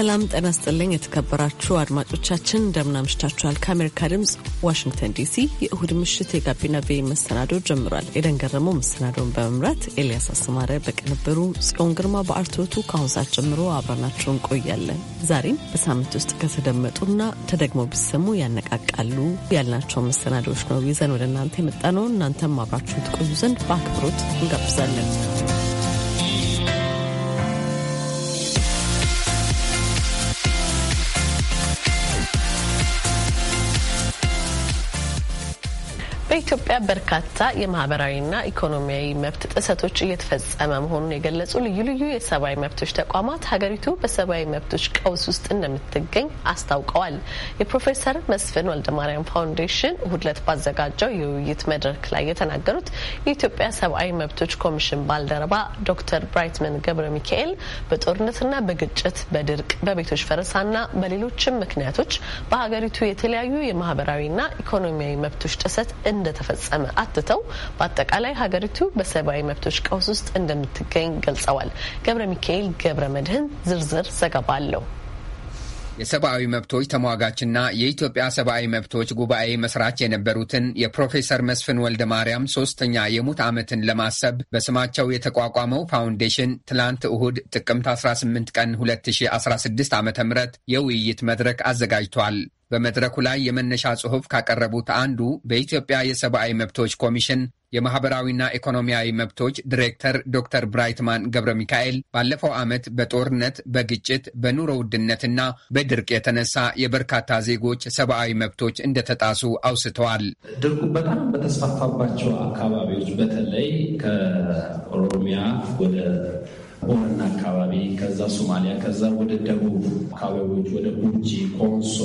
ሰላም ጤና ስጥልኝ። የተከበራችሁ አድማጮቻችን እንደምናምሽታችኋል። ከአሜሪካ ድምፅ ዋሽንግተን ዲሲ የእሁድ ምሽት የጋቢና ቤ መሰናዶ ጀምሯል። ኤደን ገረመው መሰናዶውን በመምራት ኤልያስ አስማረ በቅንብሩ፣ ጽዮን ግርማ በአርቶቱ ከአሁን ሰዓት ጀምሮ አብረናቸው እንቆያለን። ዛሬም በሳምንት ውስጥ ከተደመጡና ተደግሞ ቢሰሙ ያነቃቃሉ ያልናቸው መሰናዶዎች ነው ይዘን ወደ እናንተ የመጣ ነው። እናንተም አብራችሁን ትቆዩ ዘንድ በአክብሮት እንጋብዛለን። በኢትዮጵያ በርካታ የማህበራዊና ኢኮኖሚያዊ መብት ጥሰቶች እየተፈጸመ መሆኑን የገለጹ ልዩ ልዩ የሰብአዊ መብቶች ተቋማት ሀገሪቱ በሰብአዊ መብቶች ቀውስ ውስጥ እንደምትገኝ አስታውቀዋል። የፕሮፌሰር መስፍን ወልደማርያም ፋውንዴሽን እሁድ ዕለት ባዘጋጀው የውይይት መድረክ ላይ የተናገሩት የኢትዮጵያ ሰብአዊ መብቶች ኮሚሽን ባልደረባ ዶክተር ብራይትመን ገብረ ሚካኤል በጦርነትና በግጭት በድርቅ በቤቶች ፈረሳና በሌሎችም ምክንያቶች በሀገሪቱ የተለያዩ የማህበራዊና ኢኮኖሚያዊ መብቶች ጥሰት እንደተፈጸመ አትተው በአጠቃላይ ሀገሪቱ በሰብአዊ መብቶች ቀውስ ውስጥ እንደምትገኝ ገልጸዋል። ገብረ ሚካኤል ገብረ መድህን ዝርዝር ዘገባ አለው። የሰብአዊ መብቶች ተሟጋችና የኢትዮጵያ ሰብአዊ መብቶች ጉባኤ መስራች የነበሩትን የፕሮፌሰር መስፍን ወልደ ማርያም ሶስተኛ የሙት ዓመትን ለማሰብ በስማቸው የተቋቋመው ፋውንዴሽን ትላንት እሁድ ጥቅምት 18 ቀን 2016 ዓ ም የውይይት መድረክ አዘጋጅቷል። በመድረኩ ላይ የመነሻ ጽሑፍ ካቀረቡት አንዱ በኢትዮጵያ የሰብአዊ መብቶች ኮሚሽን የማህበራዊና ኢኮኖሚያዊ መብቶች ዲሬክተር ዶክተር ብራይትማን ገብረ ሚካኤል ባለፈው ዓመት በጦርነት፣ በግጭት፣ በኑሮ ውድነትና በድርቅ የተነሳ የበርካታ ዜጎች ሰብአዊ መብቶች እንደተጣሱ አውስተዋል። ድርቁ በጣም በተስፋፋባቸው አካባቢዎች በተለይ ከኦሮሚያ ወደ ቦረና አካባቢ፣ ከዛ ሶማሊያ፣ ከዛ ወደ ደቡብ አካባቢዎች ወደ ጉጂ፣ ኮንሶ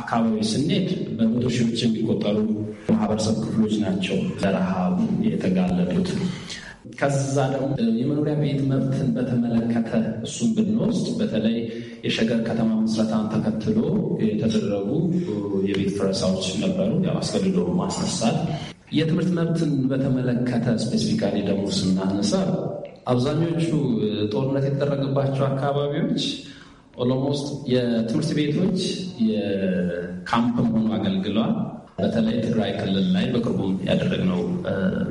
አካባቢ ስንሄድ በመቶ ሺዎች የሚቆጠሩ ማህበረሰብ ክፍሎች ናቸው ለረሃብ የተጋለጡት። ከዛ ደግሞ የመኖሪያ ቤት መብትን በተመለከተ እሱን ብንወስድ በተለይ የሸገር ከተማ ምስረታን ተከትሎ የተደረጉ የቤት ፍረሳዎች ነበሩ። ያው አስገድዶ ማስነሳት የትምህርት መብትን በተመለከተ ስፔሲፊካሊ ደግሞ ስናነሳ አብዛኞቹ ጦርነት የተደረገባቸው አካባቢዎች ኦሎሞስት የትምህርት ቤቶች የካምፕም ሆኖ አገልግለዋል። በተለይ ትግራይ ክልል ላይ በቅርቡም ያደረግነው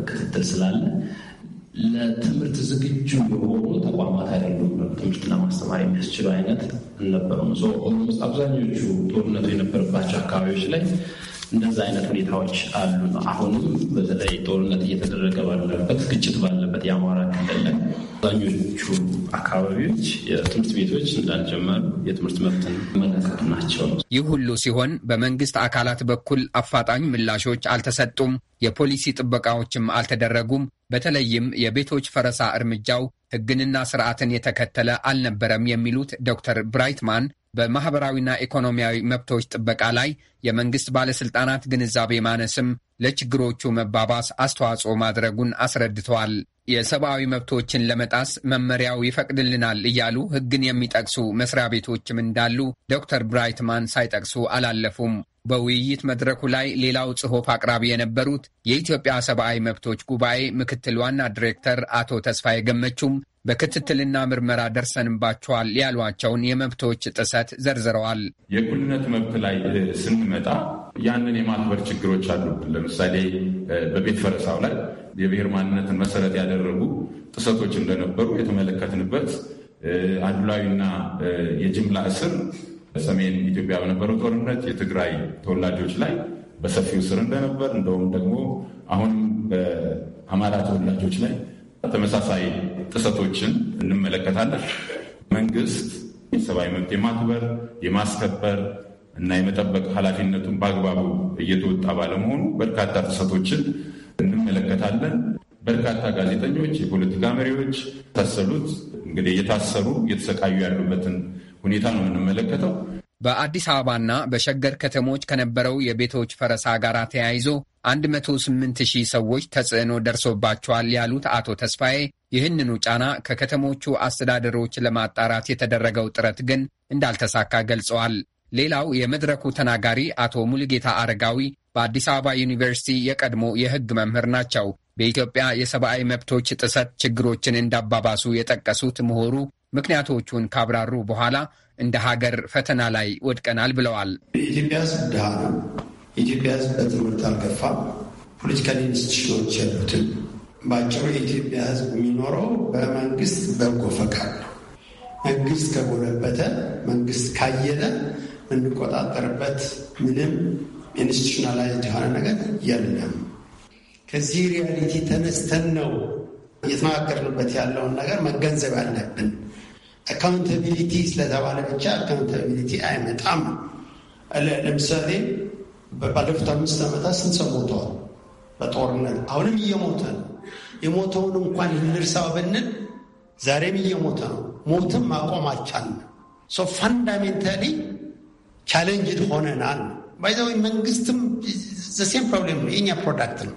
ክትትል ስላለ ለትምህርት ዝግጁ የሆኑ ተቋማት አይደሉም። ትምህርት ለማስተማር የሚያስችሉ አይነት አልነበሩም። ኦሎሞስት አብዛኞቹ ጦርነቱ የነበረባቸው አካባቢዎች ላይ እንደዚ አይነት ሁኔታዎች አሉ። አሁንም በተለይ ጦርነት እየተደረገ ባለበት ግጭት ባለበት የአማራ ክልል ላይ አብዛኞቹ አካባቢዎች የትምህርት ቤቶች እንዳልጀመሩ የትምህርት መብትን መለከት ናቸው። ይህ ሁሉ ሲሆን በመንግስት አካላት በኩል አፋጣኝ ምላሾች አልተሰጡም፣ የፖሊሲ ጥበቃዎችም አልተደረጉም። በተለይም የቤቶች ፈረሳ እርምጃው ሕግንና ስርዓትን የተከተለ አልነበረም የሚሉት ዶክተር ብራይትማን በማኅበራዊና ኢኮኖሚያዊ መብቶች ጥበቃ ላይ የመንግሥት ባለሥልጣናት ግንዛቤ ማነስም ለችግሮቹ መባባስ አስተዋጽኦ ማድረጉን አስረድተዋል። የሰብአዊ መብቶችን ለመጣስ መመሪያው ይፈቅድልናል እያሉ ሕግን የሚጠቅሱ መስሪያ ቤቶችም እንዳሉ ዶክተር ብራይትማን ሳይጠቅሱ አላለፉም። በውይይት መድረኩ ላይ ሌላው ጽሑፍ አቅራቢ የነበሩት የኢትዮጵያ ሰብአዊ መብቶች ጉባኤ ምክትል ዋና ዲሬክተር አቶ ተስፋዬ ገመቹም በክትትልና ምርመራ ደርሰንባቸዋል ያሏቸውን የመብቶች ጥሰት ዘርዝረዋል። የእኩልነት መብት ላይ ስንመጣ ያንን የማክበር ችግሮች አሉብን። ለምሳሌ በቤት ፈረሳው ላይ የብሔር ማንነትን መሰረት ያደረጉ ጥሰቶች እንደነበሩ የተመለከትንበት አድሏዊና የጅምላ እስር በሰሜን ኢትዮጵያ በነበረው ጦርነት የትግራይ ተወላጆች ላይ በሰፊው ስር እንደነበር እንደውም ደግሞ አሁንም በአማራ ተወላጆች ላይ ተመሳሳይ ጥሰቶችን እንመለከታለን። መንግስት የሰብአዊ መብት የማክበር የማስከበር እና የመጠበቅ ኃላፊነቱን በአግባቡ እየተወጣ ባለመሆኑ በርካታ ጥሰቶችን እንመለከታለን። በርካታ ጋዜጠኞች፣ የፖለቲካ መሪዎች ታሰሉት እንግዲህ እየታሰሩ እየተሰቃዩ ያሉበትን ሁኔታ ነው የምንመለከተው። በአዲስ አበባና በሸገር ከተሞች ከነበረው የቤቶች ፈረሳ ጋር ተያይዞ 108 ሺህ ሰዎች ተጽዕኖ ደርሶባቸዋል ያሉት አቶ ተስፋዬ ይህንኑ ጫና ከከተሞቹ አስተዳደሮች ለማጣራት የተደረገው ጥረት ግን እንዳልተሳካ ገልጸዋል። ሌላው የመድረኩ ተናጋሪ አቶ ሙልጌታ አረጋዊ በአዲስ አበባ ዩኒቨርሲቲ የቀድሞ የሕግ መምህር ናቸው። በኢትዮጵያ የሰብአዊ መብቶች ጥሰት ችግሮችን እንዳባባሱ የጠቀሱት ምሁሩ ምክንያቶቹን ካብራሩ በኋላ እንደ ሀገር ፈተና ላይ ወድቀናል ብለዋል። ኢትዮጵያ ሕዝብ ነው። የኢትዮጵያ ሕዝብ በትምህርት አልገፋም። ፖለቲካል ኢንስቲትዩሽኖች ያሉትም በአጭሩ የኢትዮጵያ ሕዝብ የሚኖረው በመንግስት በጎ ፈቃድ ነው። መንግስት ከጎለበተ፣ መንግስት ካየለ እንቆጣጠርበት ምንም ኢንስቲቱሽናላይዝድ የሆነ ነገር የለም። ከዚህ ሪያሊቲ ተነስተን ነው እየተመካከርንበት ያለውን ነገር መገንዘብ ያለብን። አካውንታቢሊቲ ስለተባለ ብቻ አካውንታቢሊቲ አይመጣም። ለምሳሌ ባለፉት አምስት ዓመታት ስንት ሰው ሞተዋል? በጦርነት አሁንም እየሞተ ነው። የሞተውን እንኳን ልንርሳው ብንል ዛሬም እየሞተ ነው። ሞትም ማቆም አልቻልንም። ሶ ፋንዳሜንታሊ ቻሌንጅድ ሆነናል። ባይዛዊ መንግስትም ዘሴም ፕሮብሌም ነው። የእኛ ፕሮዳክት ነው።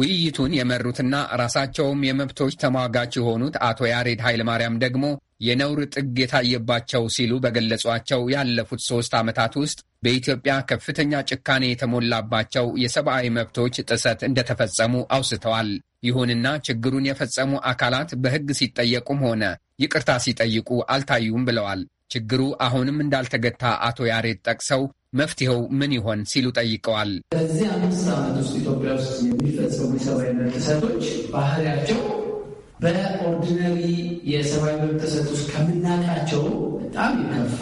ውይይቱን የመሩትና ራሳቸውም የመብቶች ተሟጋች የሆኑት አቶ ያሬድ ኃይለማርያም ደግሞ የነውር ጥግ የታየባቸው ሲሉ በገለጿቸው ያለፉት ሶስት ዓመታት ውስጥ በኢትዮጵያ ከፍተኛ ጭካኔ የተሞላባቸው የሰብአዊ መብቶች ጥሰት እንደተፈጸሙ አውስተዋል። ይሁንና ችግሩን የፈጸሙ አካላት በሕግ ሲጠየቁም ሆነ ይቅርታ ሲጠይቁ አልታዩም ብለዋል። ችግሩ አሁንም እንዳልተገታ አቶ ያሬድ ጠቅሰው መፍትሄው ምን ይሆን ሲሉ ጠይቀዋል። በዚህ አምስት ዓመት ውስጥ ኢትዮጵያ ውስጥ የሚፈጸሙ የሰብአዊ መብት ጥሰቶች ባህሪያቸው በኦርዲነሪ የሰብአዊ መብት ጥሰት ውስጥ ከምናቃቸው በጣም የከፉ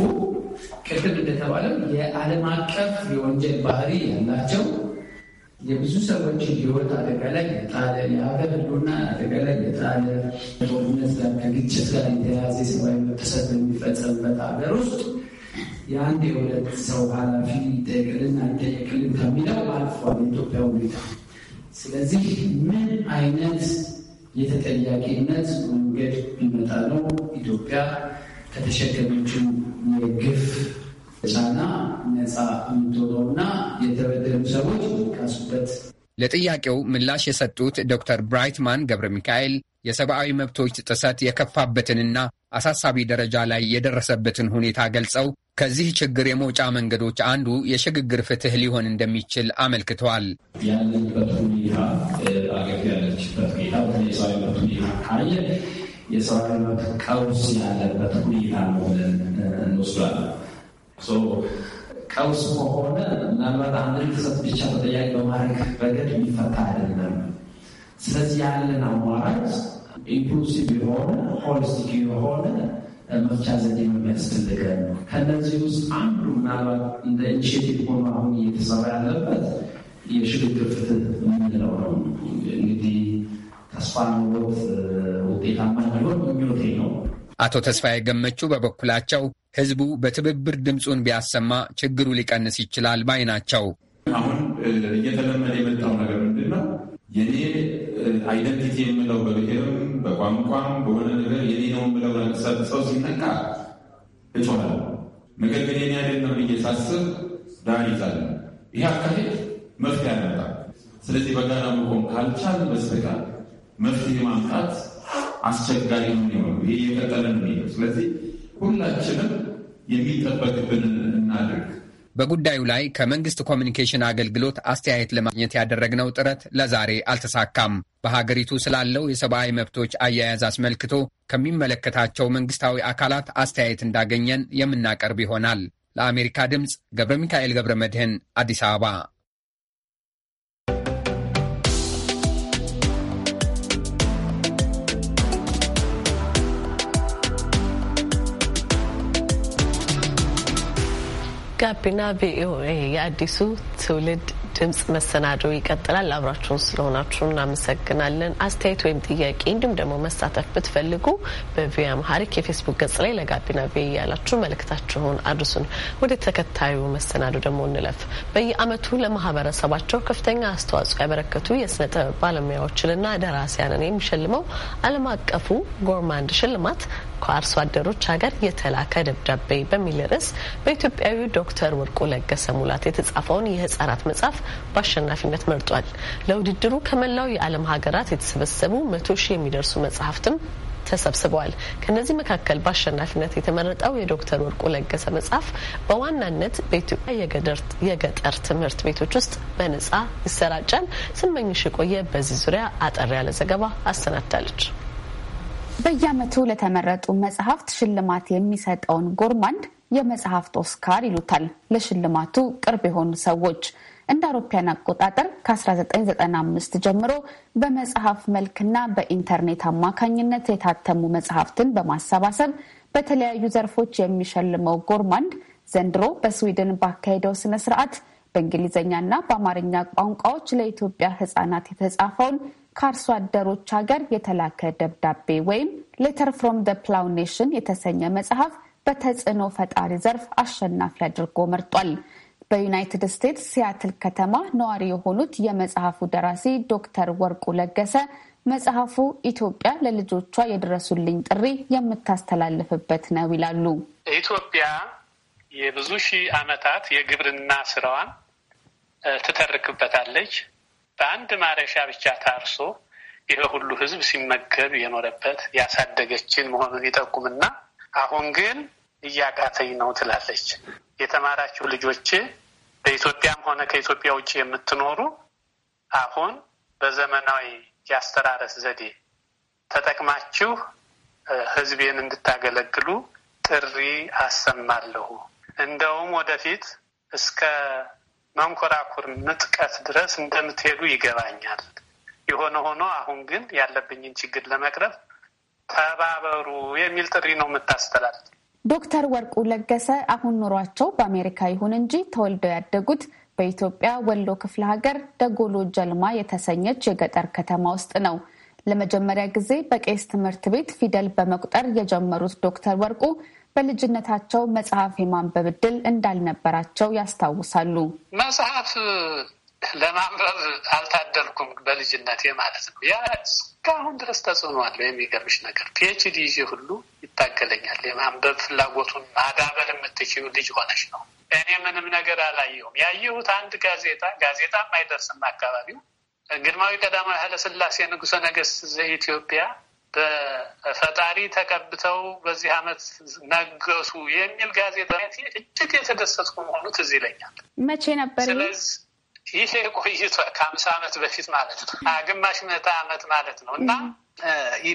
ቅድም እንደተባለው የዓለም አቀፍ የወንጀል ባህሪ ያላቸው የብዙ ሰዎች ህይወት አደጋ ላይ የጣለ የሀገር ህልውና አደጋ ላይ የጣለ ጦርነት ጋር ከግጭት ጋር የተያዘ ሰብአዊ ጥሰት የሚፈጸምበት ሀገር ውስጥ የአንድ የሁለት ሰው ኃላፊ ይጠየቅልን አይጠየቅልን ከሚለው አልፏል የኢትዮጵያ ሁኔታ። ስለዚህ ምን አይነት የተጠያቂነት መንገድ ቢመጣ ነው ኢትዮጵያ ከተሸከመችው የግፍ ጫና ነፃ የምትሆነውና የተበደሉ ሰዎች የሚካሱበት ለጥያቄው ምላሽ የሰጡት ዶክተር ብራይትማን ገብረ ሚካኤል የሰብአዊ መብቶች ጥሰት የከፋበትንና አሳሳቢ ደረጃ ላይ የደረሰበትን ሁኔታ ገልጸው ከዚህ ችግር የመውጫ መንገዶች አንዱ የሽግግር ፍትህ ሊሆን እንደሚችል አመልክተዋል። ያለበት ሁኔታ አገር ያለችበት ሁኔታ በተለይ የሰብአዊ መብት ሁኔታ ካየ የሰብአዊ መብት ቀውስ ያለበት ሁኔታ ነው ብለን እንወስዷለን። ቀውስ ከሆነ ምናልባት አንድ ክሰት ብቻ ተጠያቂ በማድረግ ረገድ የሚፈታ አይደለም። ስለዚህ ያለን አማራጭ ኢንክሉሲቭ የሆነ ሆሊስቲክ የሆነ መፍቻ ዘዴ የሚያስፈልገን ነው። ከእነዚህ ውስጥ አንዱ ምናልባት እንደ ኢኒሼቲቭ ሆኖ አሁን እየተሰራ ያለበት የሽግግር ፍትህ የምንለው ነው። እንግዲህ ተስፋ ኖሮት ውጤታማ ሊሆን ምኞቴ ነው። አቶ ተስፋዬ ገመቹ በበኩላቸው ህዝቡ በትብብር ድምፁን ቢያሰማ ችግሩ ሊቀንስ ይችላል ባይ ናቸው። አሁን እየተለመደ የመጣው ነገር ምንድን ነው? የኔ አይደንቲቲ የምለው በብሔርም በቋንቋም በሆነ ነገር የኔ ነው የምለው ሰው ሲነካ እጮኋለሁ። ነገር ግን የኔ አይደለም ብዬ ሳስብ ዳር ይዛለሁ። ይህ አካሄድ መፍትሄ ያመጣ። ስለዚህ በጋራ መቆም ካልቻል በስተቀር መፍትሄ ማምጣት አስቸጋሪ ነው የሚሆነው። ይሄ እየቀጠለ ነው የሚሄደው። ስለዚህ ሁላችንም የሚጠበቅብንን እናድርግ። በጉዳዩ ላይ ከመንግስት ኮሚኒኬሽን አገልግሎት አስተያየት ለማግኘት ያደረግነው ጥረት ለዛሬ አልተሳካም። በሀገሪቱ ስላለው የሰብአዊ መብቶች አያያዝ አስመልክቶ ከሚመለከታቸው መንግስታዊ አካላት አስተያየት እንዳገኘን የምናቀርብ ይሆናል። ለአሜሪካ ድምፅ ገብረ ሚካኤል ገብረ መድህን አዲስ አበባ ጋቢና ቪኦኤ የአዲሱ ትውልድ ድምጽ መሰናዶ ይቀጥላል። አብራችሁን ስለሆናችሁ እናመሰግናለን። አስተያየት ወይም ጥያቄ እንዲሁም ደግሞ መሳተፍ ብትፈልጉ በቪኦኤ አማሃሪክ የፌስቡክ ገጽ ላይ ለጋቢና ቪኦኤ ያላችሁ መልእክታችሁን አድርሱን። ወደ ተከታዩ መሰናዶ ደግሞ እንለፍ። በየአመቱ ለማህበረሰባቸው ከፍተኛ አስተዋጽኦ ያበረከቱ የስነ ጥበብ ባለሙያዎችንና ደራሲያንን የሚሸልመው ዓለም አቀፉ ጎርማንድ ሽልማት ከአርሶ አደሮች ሀገር የተላከ ደብዳቤ በሚል ርዕስ በኢትዮጵያዊ ዶክተር ወርቁ ለገሰ ሙላት የተጻፈውን የህጻናት መጽሐፍ በአሸናፊነት መርጧል። ለውድድሩ ከመላው የዓለም ሀገራት የተሰበሰቡ መቶ ሺህ የሚደርሱ መጽሐፍትም ተሰብስበዋል። ከነዚህ መካከል በአሸናፊነት የተመረጠው የዶክተር ወርቁ ለገሰ መጽሐፍ በዋናነት በኢትዮጵያ የገጠር ትምህርት ቤቶች ውስጥ በነጻ ይሰራጫል። ስመኝሽ የቆየ በዚህ ዙሪያ አጠር ያለ ዘገባ አሰናድታለች። በየዓመቱ ለተመረጡ መጽሐፍት ሽልማት የሚሰጠውን ጎርማንድ የመጽሐፍት ኦስካር ይሉታል። ለሽልማቱ ቅርብ የሆኑ ሰዎች እንደ አውሮፓያን አቆጣጠር ከ1995 ጀምሮ በመጽሐፍ መልክና በኢንተርኔት አማካኝነት የታተሙ መጽሐፍትን በማሰባሰብ በተለያዩ ዘርፎች የሚሸልመው ጎርማንድ ዘንድሮ በስዊድን ባካሄደው ስነ ስርዓት በእንግሊዝኛና በአማርኛ ቋንቋዎች ለኢትዮጵያ ሕጻናት የተጻፈውን ከአርሶ አደሮች ሀገር የተላከ ደብዳቤ ወይም ሌተር ፍሮም ደ ፕላው ኔሽን የተሰኘ መጽሐፍ በተጽዕኖ ፈጣሪ ዘርፍ አሸናፊ አድርጎ መርጧል። በዩናይትድ ስቴትስ ሲያትል ከተማ ነዋሪ የሆኑት የመጽሐፉ ደራሲ ዶክተር ወርቁ ለገሰ መጽሐፉ ኢትዮጵያ ለልጆቿ የድረሱልኝ ጥሪ የምታስተላልፍበት ነው ይላሉ። ኢትዮጵያ የብዙ ሺህ ዓመታት የግብርና ስራዋን ትተርክበታለች። በአንድ ማረሻ ብቻ ታርሶ ይህ ሁሉ ህዝብ ሲመገብ የኖረበት ያሳደገችን መሆኑን ይጠቁምና አሁን ግን እያቃተኝ ነው ትላለች። የተማራችሁ ልጆቼ በኢትዮጵያም ሆነ ከኢትዮጵያ ውጭ የምትኖሩ አሁን በዘመናዊ የአስተራረስ ዘዴ ተጠቅማችሁ ህዝቤን እንድታገለግሉ ጥሪ አሰማለሁ። እንደውም ወደፊት እስከ መንኮራኩር፣ ንጥቀት ድረስ እንደምትሄዱ ይገባኛል። የሆነ ሆኖ አሁን ግን ያለብኝን ችግር ለመቅረብ ተባበሩ የሚል ጥሪ ነው የምታስተላል። ዶክተር ወርቁ ለገሰ አሁን ኑሯቸው በአሜሪካ ይሁን እንጂ ተወልደው ያደጉት በኢትዮጵያ ወሎ ክፍለ ሀገር ደጎሎ ጀልማ የተሰኘች የገጠር ከተማ ውስጥ ነው። ለመጀመሪያ ጊዜ በቄስ ትምህርት ቤት ፊደል በመቁጠር የጀመሩት ዶክተር ወርቁ በልጅነታቸው መጽሐፍ የማንበብ እድል እንዳልነበራቸው ያስታውሳሉ። መጽሐፍ ለማንበብ አልታደልኩም በልጅነቴ ማለት ነው። ያ እስካሁን ድረስ ተጽዕኖ አለው። የሚገርምሽ ነገር ፒኤችዲ ይዤ ሁሉ ይታገለኛል። የማንበብ ፍላጎቱን ማዳበር የምትችዩ ልጅ ሆነች ነው። እኔ ምንም ነገር አላየሁም። ያየሁት አንድ ጋዜጣ ጋዜጣም አይደርስም አካባቢው ግርማዊ ቀዳማዊ ኃይለሥላሴ ንጉሠ ነገሥት ዘኢትዮጵያ በፈጣሪ ተቀብተው በዚህ አመት ነገሱ የሚል ጋዜጣ እጅግ የተደሰትኩ መሆኑ ትዝ ይለኛል። መቼ ነበር? ስለዚህ ይሄ ቆይቷ ከአምሳ አመት በፊት ማለት ነው፣ ግማሽ መቶ አመት ማለት ነው እና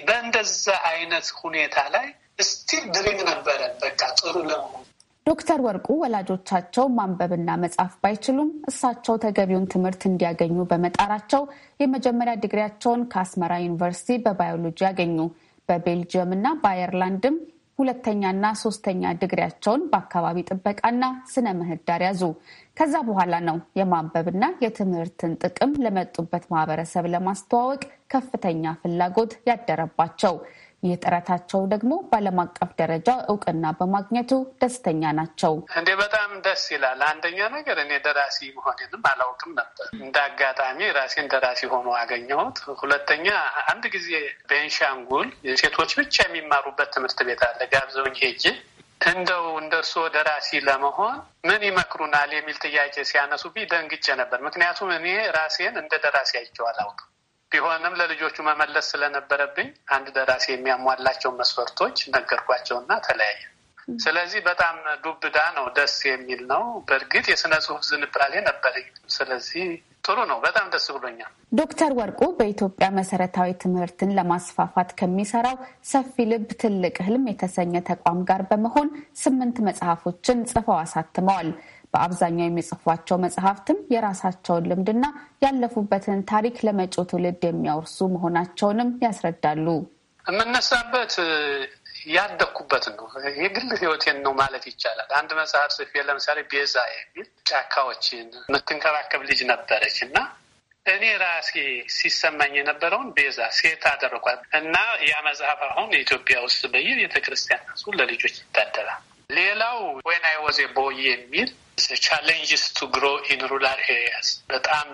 በእንደዛ አይነት ሁኔታ ላይ እስቲ ድሪም ነበረን። በቃ ጥሩ ለመሆኑ ዶክተር ወርቁ ወላጆቻቸው ማንበብና መጻፍ ባይችሉም እሳቸው ተገቢውን ትምህርት እንዲያገኙ በመጣራቸው የመጀመሪያ ዲግሪያቸውን ከአስመራ ዩኒቨርሲቲ በባዮሎጂ ያገኙ፣ በቤልጅየም እና በአየርላንድም ሁለተኛና ሶስተኛ ዲግሪያቸውን በአካባቢ ጥበቃና ስነ ምህዳር ያዙ። ከዛ በኋላ ነው የማንበብና የትምህርትን ጥቅም ለመጡበት ማህበረሰብ ለማስተዋወቅ ከፍተኛ ፍላጎት ያደረባቸው። ይህ ጥረታቸው ደግሞ በዓለም አቀፍ ደረጃ እውቅና በማግኘቱ ደስተኛ ናቸው። እንዴ በጣም ደስ ይላል። አንደኛ ነገር እኔ ደራሲ መሆኔንም አላውቅም ነበር። እንደ አጋጣሚ ራሴን ደራሲ ሆኖ አገኘሁት። ሁለተኛ አንድ ጊዜ ቤንሻንጉል ሴቶች ብቻ የሚማሩበት ትምህርት ቤት አለ። ጋብዘውኝ ሄጄ እንደው እንደ ደራሲ ለመሆን ምን ይመክሩናል የሚል ጥያቄ ሲያነሱብኝ ደንግጬ ነበር። ምክንያቱም እኔ ራሴን እንደ ደራሲ አይቼው አላውቅም። ቢሆንም ለልጆቹ መመለስ ስለነበረብኝ አንድ ደራሲ የሚያሟላቸውን መስፈርቶች ነገርኳቸውና ተለያየ። ስለዚህ በጣም ዱብዳ ነው፣ ደስ የሚል ነው። በእርግጥ የስነ ጽሁፍ ዝንባሌ ነበረኝ። ስለዚህ ጥሩ ነው። በጣም ደስ ብሎኛል። ዶክተር ወርቁ በኢትዮጵያ መሰረታዊ ትምህርትን ለማስፋፋት ከሚሰራው ሰፊ ልብ ትልቅ ህልም የተሰኘ ተቋም ጋር በመሆን ስምንት መጽሐፎችን ጽፈው አሳትመዋል። በአብዛኛው የሚጽፏቸው መጽሐፍትም የራሳቸውን ልምድና ያለፉበትን ታሪክ ለመጪው ትውልድ የሚያወርሱ መሆናቸውንም ያስረዳሉ። የምነሳበት ያደግኩበት ነው። የግል ህይወቴን ነው ማለት ይቻላል። አንድ መጽሐፍ ጽፌ ለምሳሌ ቤዛ የሚል ጫካዎችን የምትንከባከብ ልጅ ነበረች እና እኔ ራሴ ሲሰማኝ የነበረውን ቤዛ ሴት አደረጓል እና ያ መጽሐፍ አሁን የኢትዮጵያ ውስጥ በየቤተ ክርስቲያን ለልጆች ይታደላል። ሌላው ወን አይ ወዝ ቦይ የሚል ቻሌንጅስ ቱ ግሮ ኢን ሩላር ኤሪያስ በጣም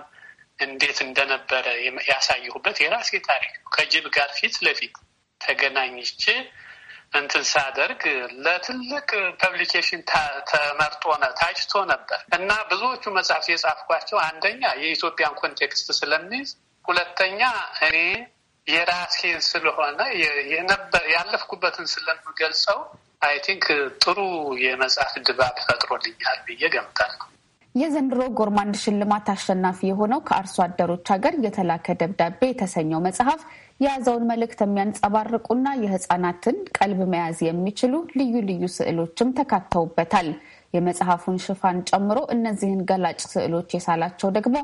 እንዴት እንደነበረ ያሳየሁበት የራሴ ታሪክ ነው። ከጅብ ጋር ፊት ለፊት ተገናኝቼ እንትን ሳደርግ ለትልቅ ፐብሊኬሽን ተመርጦ ታጭቶ ነበር እና ብዙዎቹ መጽሐፍት የጻፍኳቸው አንደኛ የኢትዮጵያን ኮንቴክስት ስለሚይዝ፣ ሁለተኛ እኔ የራሴን ስለሆነ ያለፍኩበትን ስለምገልጸው አይ ቲንክ ጥሩ የመጽሐፍ ድባብ ፈጥሮልኛል ብዬ ገምታለሁ። የዘንድሮ ጎርማንድ ሽልማት አሸናፊ የሆነው ከአርሶ አደሮች ሀገር የተላከ ደብዳቤ የተሰኘው መጽሐፍ የያዘውን መልእክት የሚያንጸባርቁና የህፃናትን ቀልብ መያዝ የሚችሉ ልዩ ልዩ ስዕሎችም ተካተውበታል። የመጽሐፉን ሽፋን ጨምሮ እነዚህን ገላጭ ስዕሎች የሳላቸው ደግሞ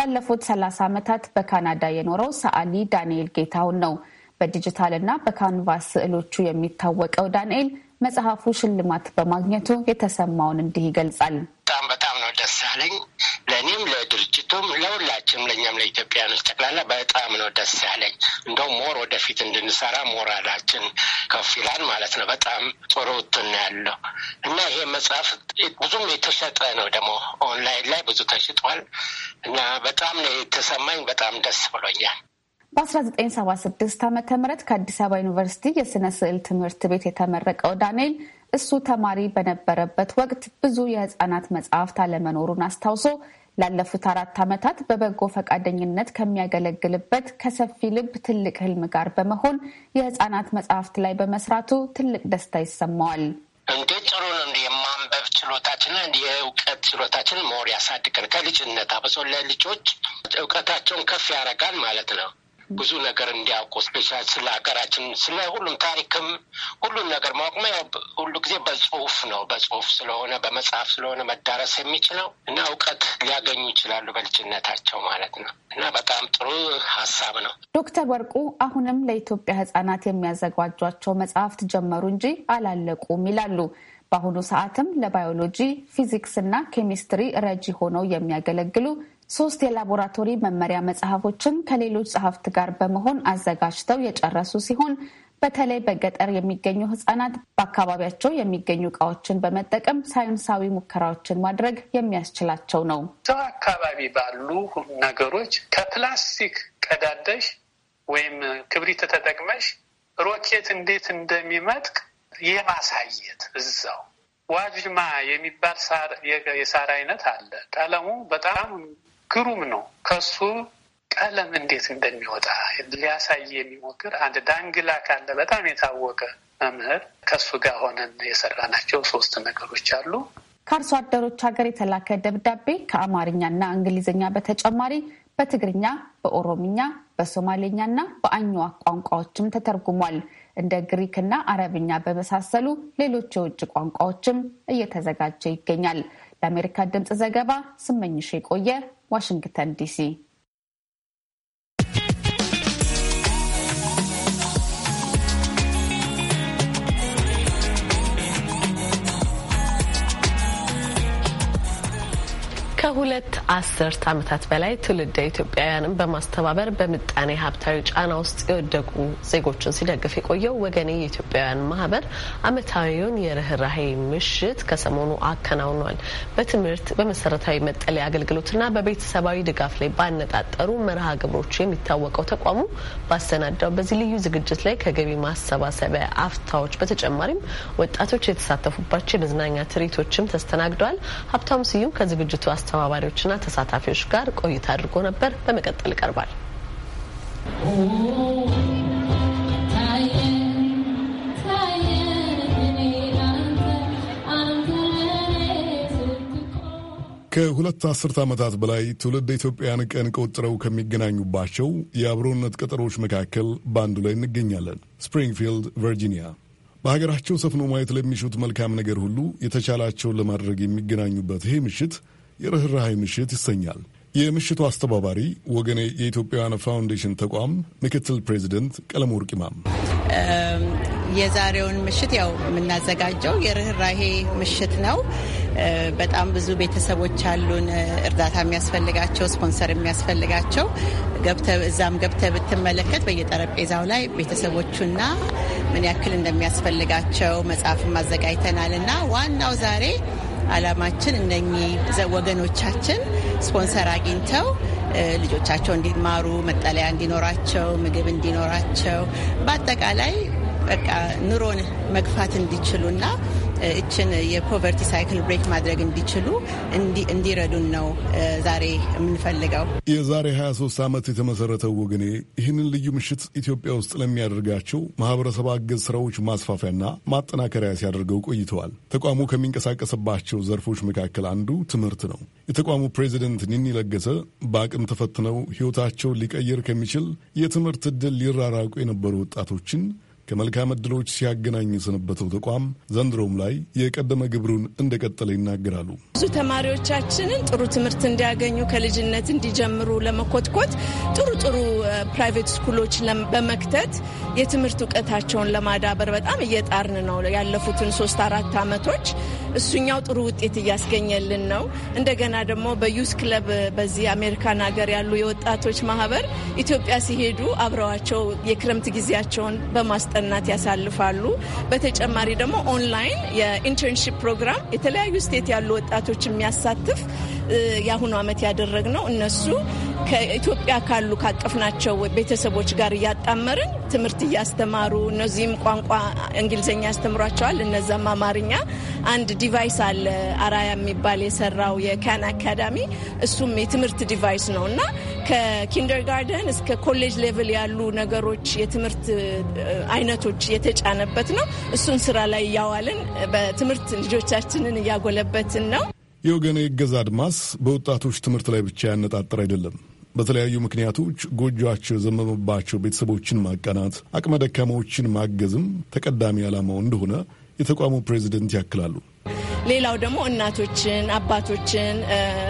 ላለፉት ሰላሳ ዓመታት በካናዳ የኖረው ሰዓሊ ዳንኤል ጌታሁን ነው። በዲጂታልና በካንቫስ ስዕሎቹ የሚታወቀው ዳንኤል መጽሐፉ ሽልማት በማግኘቱ የተሰማውን እንዲህ ይገልጻል። በጣም በጣም ነው ደስ ያለኝ። ለእኔም፣ ለድርጅቱም፣ ለሁላችንም፣ ለእኛም ለኢትዮጵያኖች ጠቅላላ በጣም ነው ደስ ያለኝ። እንደውም ሞር ወደፊት እንድንሰራ ሞራላችን ከፍ ይላል ማለት ነው። በጣም ጥሩ ውትን ያለው እና ይሄ መጽሐፍ ብዙም የተሸጠ ነው ደግሞ ኦንላይን ላይ ብዙ ተሽጧል እና በጣም ነው የተሰማኝ። በጣም ደስ ብሎኛል። በ1976 ዓ ም ከአዲስ አበባ ዩኒቨርሲቲ የሥነ ስዕል ትምህርት ቤት የተመረቀው ዳንኤል እሱ ተማሪ በነበረበት ወቅት ብዙ የህፃናት መጽሐፍት አለመኖሩን አስታውሶ ላለፉት አራት ዓመታት በበጎ ፈቃደኝነት ከሚያገለግልበት ከሰፊ ልብ ትልቅ ህልም ጋር በመሆን የህፃናት መጽሐፍት ላይ በመስራቱ ትልቅ ደስታ ይሰማዋል። እንዴት ጥሩ ነው። እንዲ የማንበብ ችሎታችንና እንዲ የእውቀት ችሎታችን መሆን ያሳድገን ከልጅነት አብሶ ለልጆች እውቀታቸውን ከፍ ያደርጋል ማለት ነው። ብዙ ነገር እንዲያውቁ ስፔሻል ስለ ሀገራችን ስለ ሁሉም ታሪክም ሁሉም ነገር ማወቅማ ሁሉ ጊዜ በጽሁፍ ነው። በጽሁፍ ስለሆነ በመጽሐፍ ስለሆነ መዳረስ የሚችለው እና እውቀት ሊያገኙ ይችላሉ በልጅነታቸው ማለት ነው እና በጣም ጥሩ ሀሳብ ነው። ዶክተር ወርቁ አሁንም ለኢትዮጵያ ህጻናት የሚያዘጋጇቸው መጽሐፍት ጀመሩ እንጂ አላለቁም ይላሉ። በአሁኑ ሰዓትም ለባዮሎጂ ፊዚክስ እና ኬሚስትሪ ረጂ ሆነው የሚያገለግሉ ሶስት የላቦራቶሪ መመሪያ መጽሐፎችን ከሌሎች ጸሐፍት ጋር በመሆን አዘጋጅተው የጨረሱ ሲሆን በተለይ በገጠር የሚገኙ ህጻናት በአካባቢያቸው የሚገኙ እቃዎችን በመጠቀም ሳይንሳዊ ሙከራዎችን ማድረግ የሚያስችላቸው ነው። ሰው አካባቢ ባሉ ነገሮች ከፕላስቲክ ቀዳደሽ ወይም ክብሪት ተጠቅመሽ ሮኬት እንዴት እንደሚመጥቅ የማሳየት እዛው ዋጅማ የሚባል የሳር አይነት አለ። ቀለሙ በጣም ግሩም ነው። ከሱ ቀለም እንዴት እንደሚወጣ ሊያሳይ የሚሞክር አንድ ዳንግላ ካለ በጣም የታወቀ መምህር ከሱ ጋር ሆነን የሰራናቸው ሶስት ነገሮች አሉ። ከአርሶ አደሮች ሀገር የተላከ ደብዳቤ ከአማርኛና እንግሊዝኛ በተጨማሪ በትግርኛ፣ በኦሮምኛ፣ በሶማሌኛና በአኝዋ ቋንቋዎችም ተተርጉሟል። እንደ ግሪክና አረብኛ በመሳሰሉ ሌሎች የውጭ ቋንቋዎችም እየተዘጋጀ ይገኛል። ለአሜሪካ ድምፅ ዘገባ ስመኝሽ የቆየ ዋሽንግተን ዲሲ ከሁለት አስርት ዓመታት በላይ ትውልደ ኢትዮጵያውያንን በማስተባበር በምጣኔ ሀብታዊ ጫና ውስጥ የወደቁ ዜጎችን ሲደግፍ የቆየው ወገኔ የኢትዮጵያውያን ማህበር ዓመታዊውን የርኅራሄ ምሽት ከሰሞኑ አከናውኗል። በትምህርት በመሰረታዊ መጠለያ አገልግሎትና በቤተሰባዊ ድጋፍ ላይ ባነጣጠሩ መርሃ ግብሮቹ የሚታወቀው ተቋሙ ባሰናዳው በዚህ ልዩ ዝግጅት ላይ ከገቢ ማሰባሰቢያ አፍታዎች በተጨማሪም ወጣቶች የተሳተፉባቸው የመዝናኛ ትርኢቶችም ተስተናግደዋል። ሀብታሙ ስዩም ከዝግጅቱ አስተባባሪዎችና ተሳታፊዎች ጋር ቆይታ አድርጎ ነበር። በመቀጠል ይቀርባል። ከሁለት አስርት ዓመታት በላይ ትውልድ ኢትዮጵያን ቀን ቆጥረው ከሚገናኙባቸው የአብሮነት ቀጠሮዎች መካከል በአንዱ ላይ እንገኛለን። ስፕሪንግፊልድ ቨርጂኒያ። በሀገራቸው ሰፍኖ ማየት ለሚሹት መልካም ነገር ሁሉ የተቻላቸውን ለማድረግ የሚገናኙበት ይህ ምሽት የርኅራኄ ምሽት ይሰኛል። የምሽቱ አስተባባሪ ወገኔ የኢትዮጵያውያን ፋውንዴሽን ተቋም ምክትል ፕሬዚደንት ቀለም ወርቅ ማም የዛሬውን ምሽት ያው የምናዘጋጀው የርኅራሄ ምሽት ነው። በጣም ብዙ ቤተሰቦች አሉን፣ እርዳታ የሚያስፈልጋቸው ስፖንሰር የሚያስፈልጋቸው እዛም ገብተ ብትመለከት በየጠረጴዛው ላይ ቤተሰቦቹና ምን ያክል እንደሚያስፈልጋቸው መጽሐፍም አዘጋጅተናል እና ዋናው ዛሬ አላማችን እነኚህ ወገኖቻችን ስፖንሰር አግኝተው ልጆቻቸው እንዲማሩ፣ መጠለያ እንዲኖራቸው፣ ምግብ እንዲኖራቸው በአጠቃላይ በቃ ኑሮን መግፋት እንዲችሉና እችን የፖቨርቲ ሳይክል ብሬክ ማድረግ እንዲችሉ እንዲረዱን ነው ዛሬ የምንፈልገው። የዛሬ 23 ዓመት የተመሰረተው ወገኔ ይህንን ልዩ ምሽት ኢትዮጵያ ውስጥ ለሚያደርጋቸው ማህበረሰብ አገዝ ስራዎች ማስፋፊያና ማጠናከሪያ ሲያደርገው ቆይተዋል። ተቋሙ ከሚንቀሳቀስባቸው ዘርፎች መካከል አንዱ ትምህርት ነው። የተቋሙ ፕሬዚደንት ኒኒ ለገሰ በአቅም ተፈትነው ህይወታቸው ሊቀይር ከሚችል የትምህርት ዕድል ሊራራቁ የነበሩ ወጣቶችን ከመልካም ዕድሎች ሲያገናኝ የሰነበተው ተቋም ዘንድሮም ላይ የቀደመ ግብሩን እንደቀጠለ ይናገራሉ። ብዙ ተማሪዎቻችንን ጥሩ ትምህርት እንዲያገኙ ከልጅነት እንዲጀምሩ ለመኮትኮት ጥሩ ጥሩ ፕራይቬት ስኩሎች በመክተት የትምህርት እውቀታቸውን ለማዳበር በጣም እየጣርን ነው። ያለፉትን ሶስት አራት አመቶች እሱኛው ጥሩ ውጤት እያስገኘልን ነው። እንደገና ደግሞ በዩስ ክለብ በዚህ አሜሪካን ሀገር ያሉ የወጣቶች ማህበር ኢትዮጵያ ሲሄዱ አብረዋቸው የክረምት ጊዜያቸውን በማስጠ በማጠናት ያሳልፋሉ። በተጨማሪ ደግሞ ኦንላይን የኢንተርንሺፕ ፕሮግራም የተለያዩ ስቴት ያሉ ወጣቶች የሚያሳትፍ የአሁኑ ዓመት ነው እነሱ ከኢትዮጵያ ካሉ ካቀፍናቸው ቤተሰቦች ጋር እያጣመርን ትምህርት እያስተማሩ እነዚህም ቋንቋ እንግሊዝኛ ያስተምሯቸዋል፣ እነዛም አማርኛ። አንድ ዲቫይስ አለ አራያ የሚባል የሰራው የካን አካዳሚ፣ እሱም የትምህርት ዲቫይስ ነው እና ከኪንደርጋርደን እስከ ኮሌጅ ሌቭል ያሉ ነገሮች የትምህርት አይነቶች የተጫነበት ነው። እሱን ስራ ላይ እያዋልን በትምህርት ልጆቻችንን እያጎለበትን ነው። የወገኔ እገዛ አድማስ በወጣቶች ትምህርት ላይ ብቻ ያነጣጠር አይደለም። በተለያዩ ምክንያቶች ጎጆቸው የዘመመባቸው ቤተሰቦችን ማቀናት፣ አቅመ ደካማዎችን ማገዝም ተቀዳሚ ዓላማው እንደሆነ የተቋሙ ፕሬዚደንት ያክላሉ። ሌላው ደግሞ እናቶችን፣ አባቶችን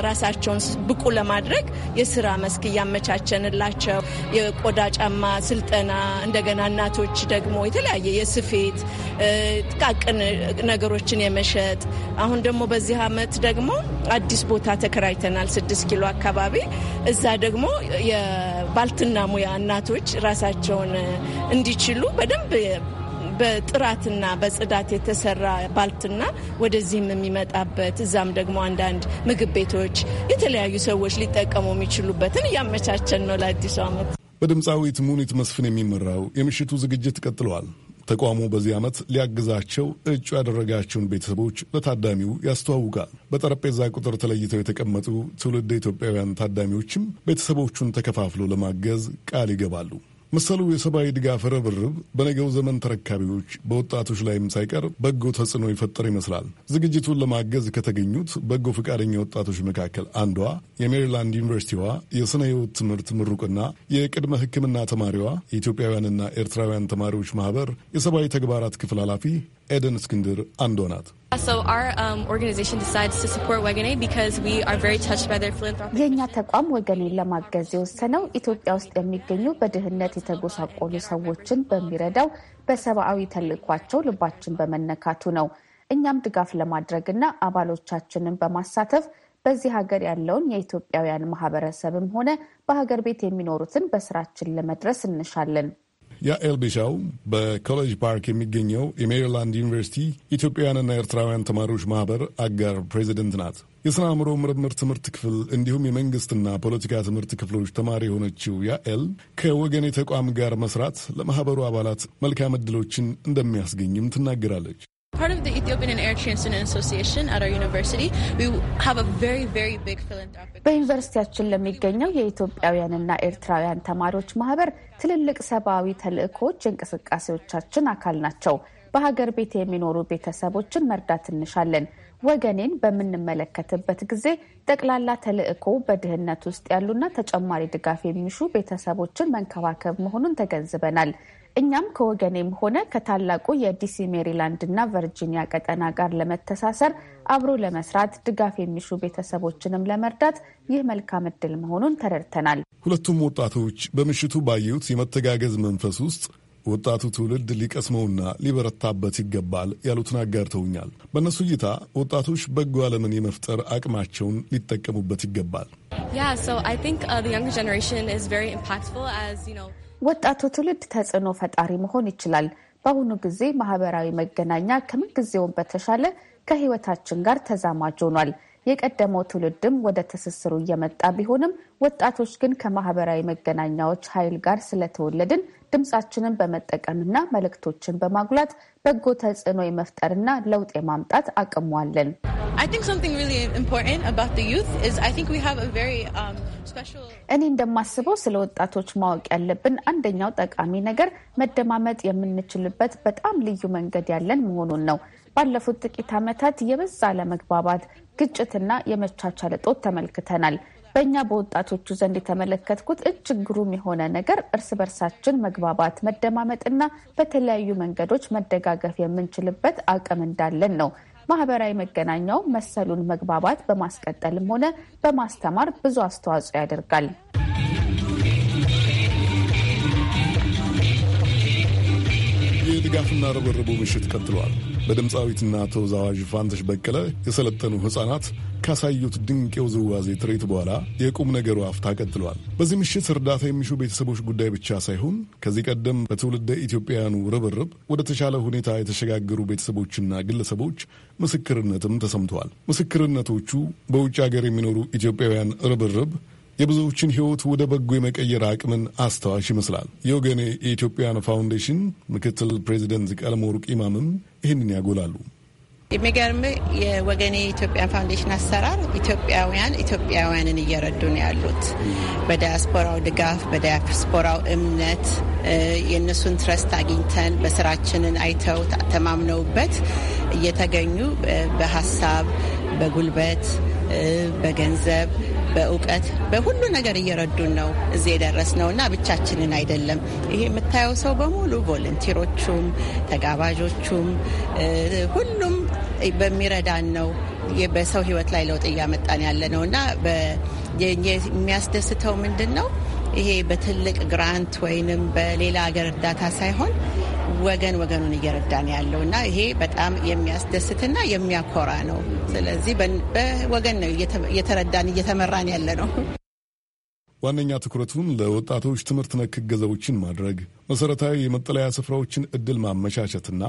ራሳቸውን ብቁ ለማድረግ የስራ መስክ እያመቻቸንላቸው የቆዳ ጫማ ስልጠና፣ እንደገና እናቶች ደግሞ የተለያየ የስፌት ጥቃቅን ነገሮችን የመሸጥ አሁን ደግሞ በዚህ አመት ደግሞ አዲስ ቦታ ተከራይተናል ስድስት ኪሎ አካባቢ እዛ ደግሞ የባልትና ሙያ እናቶች ራሳቸውን እንዲችሉ በደንብ በጥራትና በጽዳት የተሰራ ባልትና ወደዚህም የሚመጣበት እዛም ደግሞ አንዳንድ ምግብ ቤቶች የተለያዩ ሰዎች ሊጠቀሙ የሚችሉበትን እያመቻቸን ነው ለአዲሱ ዓመት። በድምፃዊት ሙኒት መስፍን የሚመራው የምሽቱ ዝግጅት ቀጥለዋል። ተቋሙ በዚህ ዓመት ሊያግዛቸው እጩ ያደረጋቸውን ቤተሰቦች ለታዳሚው ያስተዋውቃል። በጠረጴዛ ቁጥር ተለይተው የተቀመጡ ትውልድ ኢትዮጵያውያን ታዳሚዎችም ቤተሰቦቹን ተከፋፍሎ ለማገዝ ቃል ይገባሉ። መሰሉ የሰብአዊ ድጋፍ ርብርብ በነገው ዘመን ተረካቢዎች በወጣቶች ላይም ሳይቀር በጎ ተጽዕኖ ይፈጠር ይመስላል። ዝግጅቱን ለማገዝ ከተገኙት በጎ ፈቃደኛ ወጣቶች መካከል አንዷ የሜሪላንድ ዩኒቨርሲቲዋ የሥነ ሕይወት ትምህርት ምሩቅና የቅድመ ሕክምና ተማሪዋ የኢትዮጵያውያንና ኤርትራውያን ተማሪዎች ማህበር የሰብአዊ ተግባራት ክፍል ኃላፊ ኤደን እስክንድር አንዷ ናት። Um, የእኛ ተቋም ወገኔን ለማገዝ የወሰነው ኢትዮጵያ ውስጥ የሚገኙ በድህነት የተጎሳቆሉ ሰዎችን በሚረዳው በሰብአዊ ተልኳቸው ልባችን በመነካቱ ነው። እኛም ድጋፍ ለማድረግና አባሎቻችንን በማሳተፍ በዚህ ሀገር ያለውን የኢትዮጵያውያን ማህበረሰብም ሆነ በሀገር ቤት የሚኖሩትን በስራችን ለመድረስ እንሻለን። ያኤል ቢሻው በኮሌጅ ፓርክ የሚገኘው የሜሪላንድ ዩኒቨርሲቲ ኢትዮጵያውያንና ኤርትራውያን ተማሪዎች ማህበር አጋር ፕሬዚደንት ናት። የሥነ አእምሮ ምርምር ትምህርት ክፍል እንዲሁም የመንግሥትና ፖለቲካ ትምህርት ክፍሎች ተማሪ የሆነችው ያኤል ከወገኔ ተቋም ጋር መስራት ለማኅበሩ አባላት መልካም ዕድሎችን እንደሚያስገኝም ትናገራለች። በዩኒቨርሲቲያችን ለሚገኘው የኢትዮጵያውያንና ኤርትራውያን ተማሪዎች ማህበር ትልልቅ ሰብአዊ ተልእኮዎች የእንቅስቃሴዎቻችን አካል ናቸው። በሀገር ቤት የሚኖሩ ቤተሰቦችን መርዳት እንሻለን። ወገኔን በምንመለከትበት ጊዜ ጠቅላላ ተልእኮ በድህነት ውስጥ ያሉና ተጨማሪ ድጋፍ የሚሹ ቤተሰቦችን መንከባከብ መሆኑን ተገንዝበናል። እኛም ከወገኔም ሆነ ከታላቁ የዲሲ እና ቨርጂኒያ ቀጠና ጋር ለመተሳሰር አብሮ ለመስራት ድጋፍ የሚሹ ቤተሰቦችንም ለመርዳት ይህ መልካም እድል መሆኑን ተረድተናል። ሁለቱም ወጣቶች በምሽቱ ባየሁት የመተጋገዝ መንፈስ ውስጥ ወጣቱ ትውልድ ሊቀስመውና ሊበረታበት ይገባል ያሉትን አጋርተውኛል። በእነሱ እይታ ወጣቶች በጎ ዓለምን የመፍጠር አቅማቸውን ሊጠቀሙበት ይገባል። ወጣቱ ትውልድ ተጽዕኖ ፈጣሪ መሆን ይችላል። በአሁኑ ጊዜ ማህበራዊ መገናኛ ከምንጊዜውም በተሻለ ከህይወታችን ጋር ተዛማጅ ሆኗል። የቀደመው ትውልድም ወደ ትስስሩ እየመጣ ቢሆንም ወጣቶች ግን ከማህበራዊ መገናኛዎች ኃይል ጋር ስለተወለድን ድምፃችንን በመጠቀምና መልእክቶችን በማጉላት በጎ ተጽዕኖ የመፍጠርና ለውጥ የማምጣት አቅሙ አለን። um, እኔ እንደማስበው ስለ ወጣቶች ማወቅ ያለብን አንደኛው ጠቃሚ ነገር መደማመጥ የምንችልበት በጣም ልዩ መንገድ ያለን መሆኑን ነው። ባለፉት ጥቂት ዓመታት የበዛ ለመግባባት ግጭትና የመቻቻል እጦት ተመልክተናል። በእኛ በወጣቶቹ ዘንድ የተመለከትኩት እጅግ ግሩም የሆነ ነገር እርስ በርሳችን መግባባት፣ መደማመጥና በተለያዩ መንገዶች መደጋገፍ የምንችልበት አቅም እንዳለን ነው። ማህበራዊ መገናኛው መሰሉን መግባባት በማስቀጠልም ሆነ በማስተማር ብዙ አስተዋጽኦ ያደርጋል። ድጋፍና ርብርቡ ምሽት ቀጥሏል። በድምፃዊትና ተወዛዋዥ ፋንተሽ በቀለ የሰለጠኑ ሕፃናት ካሳዩት ድንቅ የውዝዋዜ ትርኢት በኋላ የቁም ነገሩ አፍታ ቀጥሏል። በዚህ ምሽት እርዳታ የሚሹ ቤተሰቦች ጉዳይ ብቻ ሳይሆን ከዚህ ቀደም በትውልደ ኢትዮጵያውያኑ ርብርብ ወደ ተሻለ ሁኔታ የተሸጋገሩ ቤተሰቦችና ግለሰቦች ምስክርነትም ተሰምተዋል። ምስክርነቶቹ በውጭ ሀገር የሚኖሩ ኢትዮጵያውያን ርብርብ የብዙዎችን ሕይወት ወደ በጎ የመቀየር አቅምን አስተዋሽ ይመስላል። የወገኔ የኢትዮጵያን ፋውንዴሽን ምክትል ፕሬዚደንት ቀለመወርቅ ኢማምም ይህንን ያጎላሉ። የሚገርም የወገኔ የኢትዮጵያ ፋውንዴሽን አሰራር ኢትዮጵያውያን ኢትዮጵያውያንን እየረዱ ነው ያሉት። በዲያስፖራው ድጋፍ፣ በዲያስፖራው እምነት የእነሱን ትረስት አግኝተን በስራችንን አይተው ተማምነውበት እየተገኙ በሀሳብ፣ በጉልበት፣ በገንዘብ በእውቀት በሁሉ ነገር እየረዱን ነው እዚህ የደረስ ነው እና ብቻችንን አይደለም። ይሄ የምታየው ሰው በሙሉ ቮለንቲሮቹም፣ ተጋባዦቹም ሁሉም በሚረዳን ነው በሰው ህይወት ላይ ለውጥ እያመጣን ያለ ነው እና የሚያስደስተው ምንድን ነው? ይሄ በትልቅ ግራንት ወይንም በሌላ ሀገር እርዳታ ሳይሆን ወገን ወገኑን እየረዳን ያለው እና ይሄ በጣም የሚያስደስትና የሚያኮራ ነው። ስለዚህ በወገን ነው እየተረዳን እየተመራን ያለ ነው። ዋነኛ ትኩረቱን ለወጣቶች ትምህርት ነክ እገዛዎችን ማድረግ፣ መሠረታዊ የመጠለያ ስፍራዎችን እድል ማመቻቸትና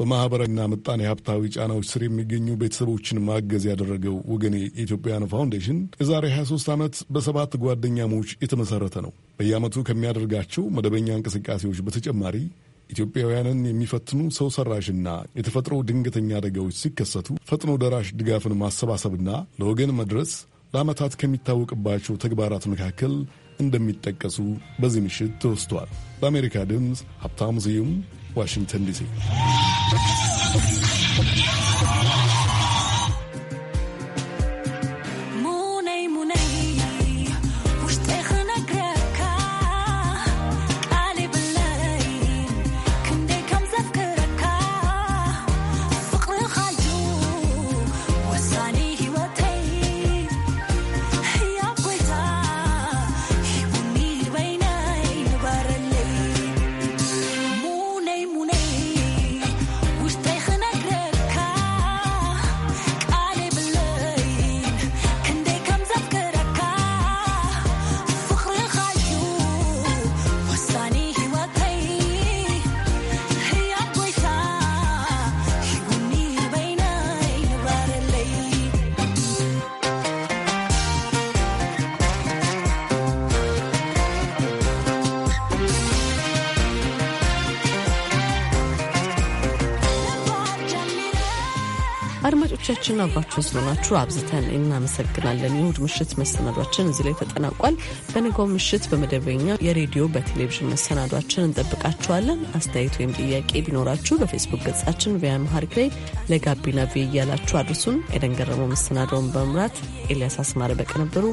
በማኅበራዊና ምጣኔ ሀብታዊ ጫናዎች ስር የሚገኙ ቤተሰቦችን ማገዝ ያደረገው ወገኔ የኢትዮጵያን ፋውንዴሽን የዛሬ 23 ዓመት በሰባት ጓደኛሞች የተመሠረተ ነው። በየዓመቱ ከሚያደርጋቸው መደበኛ እንቅስቃሴዎች በተጨማሪ ኢትዮጵያውያንን የሚፈትኑ ሰው ሰራሽና የተፈጥሮ ድንገተኛ አደጋዎች ሲከሰቱ ፈጥኖ ደራሽ ድጋፍን ማሰባሰብና ለወገን መድረስ ለዓመታት ከሚታወቅባቸው ተግባራት መካከል እንደሚጠቀሱ በዚህ ምሽት ተወስቷል። ለአሜሪካ ድምፅ ሀብታሙ ስዩም ዋሽንግተን ዲሲ አድማጮቻችን አብራችሁን ስለሆናችሁ አብዝተን እናመሰግናለን። የእሁድ ምሽት መሰናዷችን እዚህ ላይ ተጠናቋል። በነገው ምሽት በመደበኛ የሬዲዮ በቴሌቪዥን መሰናዷችን እንጠብቃችኋለን። አስተያየት ወይም ጥያቄ ቢኖራችሁ በፌስቡክ ገጻችን ቪያምሃሪክ ላይ ለጋቢና ቪ እያላችሁ አድርሱን። ኤደን ገረመው መሰናዷውን በመምራት ኤልያስ አስማረ በቀነበሩ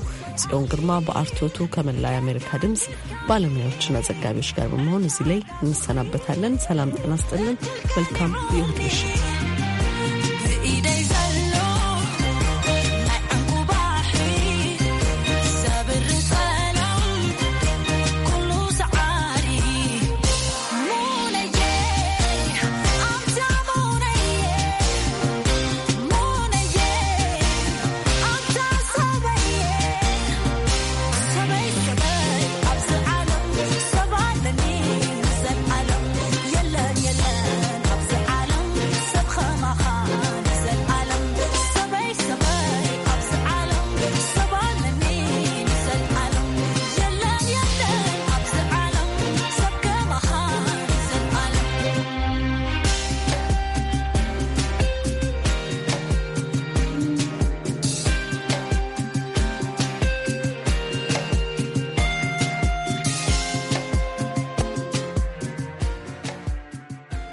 ጽዮን ግርማ በአርቶቱ ከመላ የአሜሪካ ድምፅ ባለሙያዎችና ዘጋቢዎች ጋር በመሆን እዚህ ላይ እንሰናበታለን። ሰላም ጤና ስጥልን። መልካም የእሁድ ምሽት